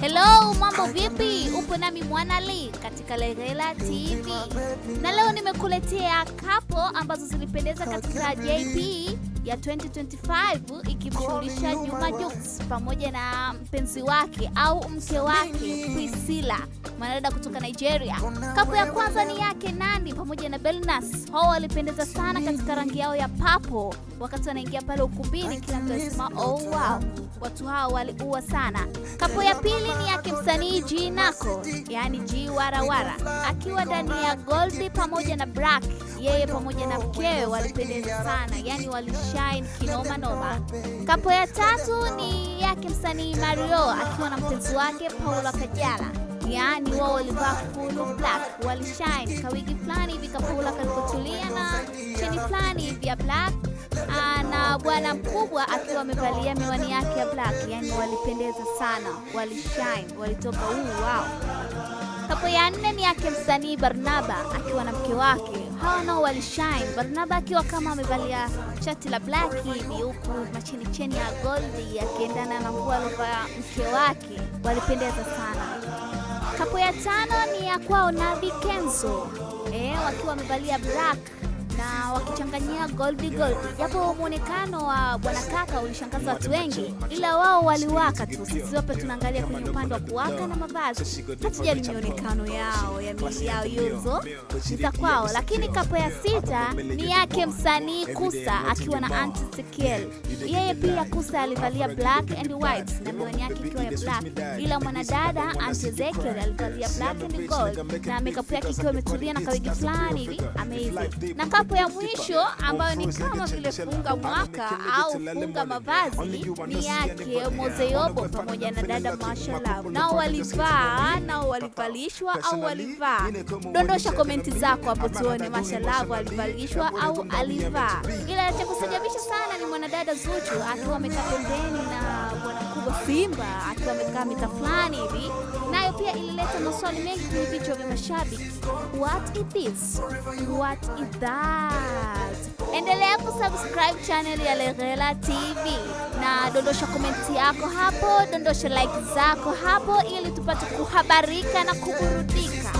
Hello, mambo vipi? Upo nami Mwanali katika lerela TV na leo nimekuletea kapo ambazo zilipendeza katika JP ya 2025 ikimshughulisha Juma Jux pamoja na mpenzi wake au mke wake Priscilla, mwanadada kutoka Nigeria. Kapu ya kwanza ni yake Nandi pamoja na Belnas. Hao walipendeza sana katika rangi yao ya papo. Wakati wanaingia pale ukumbini, kila mtu alisema oh, wow, watu hao waliua sana. Kapu ya pili ni yake msanii G Nako, yani G Warawara, akiwa ndani ya Goldi pamoja na Black. Yeye pamoja na mkewe walipendeza sana, yani walisha Shine kinoma noma. Kapo ya tatu ni yake msanii Mario akiwa na mpenzi wake Paula Kajala, yaani wao walivaa full black, walishine kawigi fulani hivi Kapaula kalipotulia na cheni fulani hivi ya black ah, na bwana mkubwa akiwa amevalia miwani yake ya black, yani walipendeza sana, walishine, walitoka uu wao Kapo ya nne ni yake msanii Barnaba akiwa na mke wake hao nao walishine, Barnaba akiwa kama amevalia shati la black hivi huku machenicheni ya goldi yakiendana na nguo aliovaa mke wake, walipendeza sana. Kapo ya tano ni ya kwao Navi Kenzo eh, wakiwa wamevalia black na wakichanganyia gold goldi, japo mwonekano wa bwana kaka ulishangaza watu wengi, ila wao waliwaka tu. Sisi wote tunaangalia kwenye upande wa kuwaka na mavazi, hatujali mionekano yao ya miili yao, yuzo za kwao. Lakini kapo ya sita ni yake msanii Kusa akiwa na anti Sekiel. Yeye pia Kusa alivalia black and white na miwani yake ikiwa ya black, ila mwanadada anti Sekiel alivalia black and gold na makeup yake ikiwa imetulia na kawigi fulani hivi ameizi na hapo ya mwisho ambayo ni kama vile funga mwaka au funga mavazi ni yake Mozeyobo pamoja na dada Mashallah, nao walivaa nao walivalishwa au walivaa. Dondosha komenti zako hapo tuone, Mashallah alivalishwa au alivaa. Ila cha kusajabisha sana ni mwanadada Zuchu akiwa amekaa pembeni na bwana mkubwa Simba akiwa amekaa mita fulani hivi lilileta maswali mengi kwenye vichwa vya mashabiki. What is this? What is that? Endelea kusubscribe channel ya Lerela TV na dondosha komenti yako hapo, dondosha like zako hapo, ili tupate kuhabarika na kuburudika.